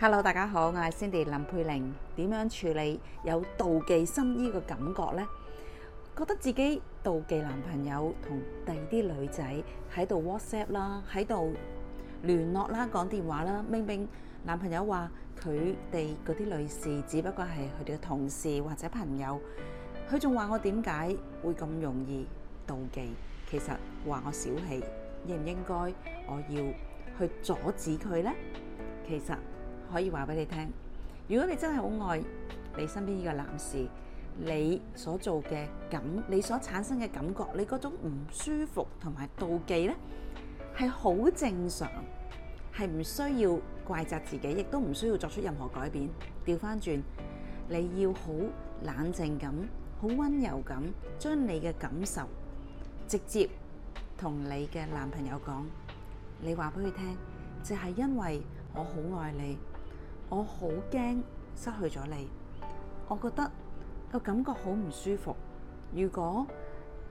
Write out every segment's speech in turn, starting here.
Hello，大家好，我係 Cindy 林佩玲。點樣處理有妒忌心呢個感覺呢？覺得自己妒忌男朋友同第二啲女仔喺度 WhatsApp 啦，喺度聯絡啦，講電話啦。明明男朋友話佢哋嗰啲女士只不過係佢哋嘅同事或者朋友，佢仲話我點解會咁容易妒忌？其實話我小氣，應唔應該我要去阻止佢呢？其實。可以話俾你聽，如果你真係好愛你身邊呢個男士，你所做嘅感，你所產生嘅感覺，你嗰種唔舒服同埋妒忌呢，係好正常，係唔需要怪責自己，亦都唔需要作出任何改變。調翻轉，你要好冷靜咁，好溫柔咁，將你嘅感受直接同你嘅男朋友講，你話俾佢聽，就係因為我好愛你。我好驚失去咗你，我覺得個感覺好唔舒服。如果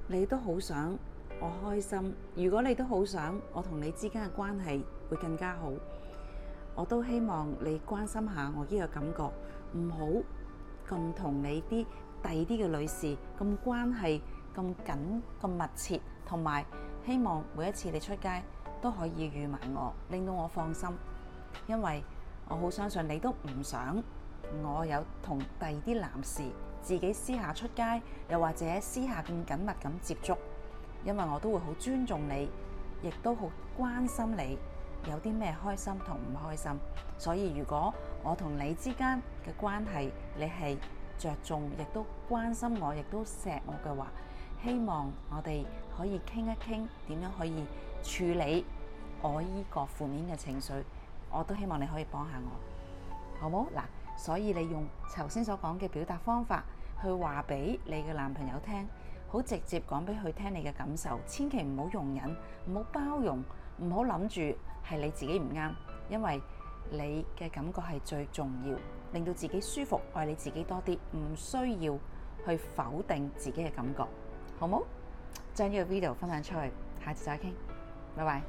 你都好想我開心，如果你都好想我同你之間嘅關係會更加好，我都希望你關心下我呢個感覺，唔好咁同你啲第啲嘅女士咁關係咁緊咁密切，同埋希望每一次你出街都可以遇埋我，令到我放心，因為，我好相信你都唔想我有同第二啲男士自己私下出街，又或者私下咁緊密咁接觸，因為我都會好尊重你，亦都好關心你有啲咩開心同唔開心。所以如果我同你之間嘅關係你係着重，亦都關心我，亦都錫我嘅話，希望我哋可以傾一傾點樣可以處理我依個負面嘅情緒。我都希望你可以幫下我，好唔好？嗱，所以你用頭先所講嘅表達方法，去話俾你嘅男朋友聽，好直接講俾佢聽你嘅感受，千祈唔好容忍，唔好包容，唔好諗住係你自己唔啱，因為你嘅感覺係最重要，令到自己舒服，愛你自己多啲，唔需要去否定自己嘅感覺，好唔好？將呢個 video 分享出去，下次再傾，拜拜。